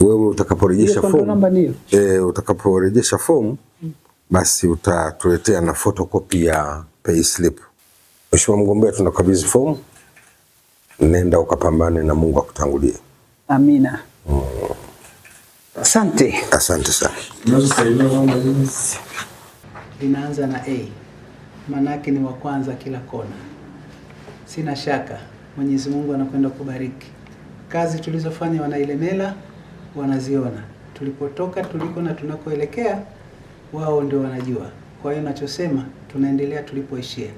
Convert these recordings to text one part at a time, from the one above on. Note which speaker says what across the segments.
Speaker 1: wewe utakaporejesha fomu e, utakaporejesha fomu basi utatuletea na photocopy ya pay slip. Mheshimiwa mgombea, tunakabidhi fomu, nenda ukapambane na Mungu akutangulie.
Speaker 2: Amina. Mm. Asante.
Speaker 1: Asante sana.
Speaker 3: Inaanza na A. Manake ni wa kwanza kila kona. Sina shaka Mwenyezi Mungu anakwenda kubariki kazi tulizofanya Wanailemela wanaziona, tulipotoka, tuliko na tunakoelekea, wao ndio wanajua. Kwa hiyo nachosema, tunaendelea tulipoishia.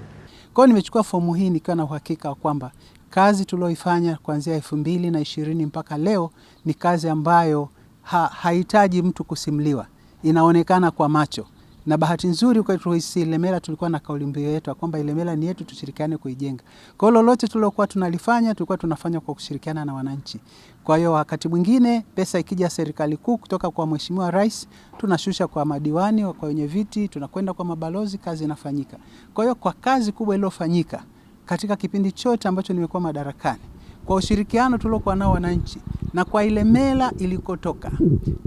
Speaker 4: Kwa hiyo nimechukua fomu hii nikiwa na uhakika wa kwamba kazi tulioifanya kuanzia elfu mbili na ishirini mpaka leo ni kazi ambayo ha, hahitaji mtu kusimliwa inaonekana kwa macho na bahati nzuri kwa tuhisi Ilemela tulikuwa na kauli mbiu yetu kwamba Ilemela ni yetu, tushirikiane kuijenga. Kwa hiyo lolote tulilokuwa tunalifanya tulikuwa tunafanya kwa kushirikiana na wananchi. Kwa hiyo wakati mwingine pesa ikija serikali kuu kutoka kwa Mheshimiwa Rais, tunashusha kwa madiwani, kwa wenye viti, tunakwenda kwa mabalozi, kazi inafanyika. Kwa hiyo kwa kazi kubwa iliyofanyika katika kipindi chote ambacho nimekuwa madarakani, kwa ushirikiano tuliokuwa nao wananchi na kwa ile mela ilikotoka,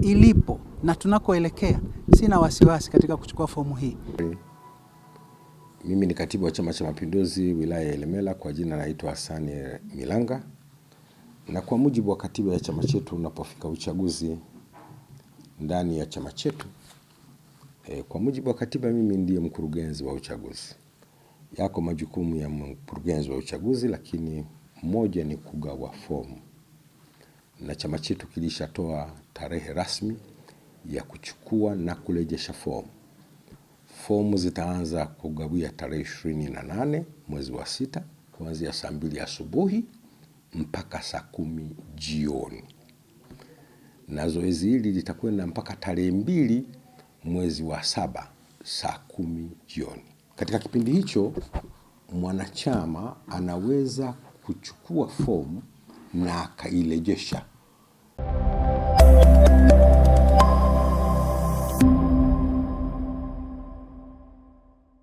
Speaker 4: ilipo na tunakoelekea, sina wasiwasi katika kuchukua fomu hii.
Speaker 1: Mimi ni katibu wa Chama cha Mapinduzi wilaya ya Ilemela, kwa jina naitwa Hasani Milanga, na kwa mujibu wa katiba ya chama chetu, unapofika uchaguzi ndani ya chama chetu e, kwa mujibu wa katiba mimi ndiye mkurugenzi wa uchaguzi. Yako majukumu ya mkurugenzi wa uchaguzi, lakini moja ni kugawa fomu na chama chetu kilishatoa tarehe rasmi ya kuchukua na kurejesha fomu. Fomu zitaanza kugawia tarehe ishirini na nane mwezi wa sita kuanzia saa mbili asubuhi mpaka saa kumi jioni, na zoezi hili litakwenda mpaka tarehe mbili mwezi wa saba saa kumi jioni. Katika kipindi hicho mwanachama anaweza kuchukua fomu na akairejesha.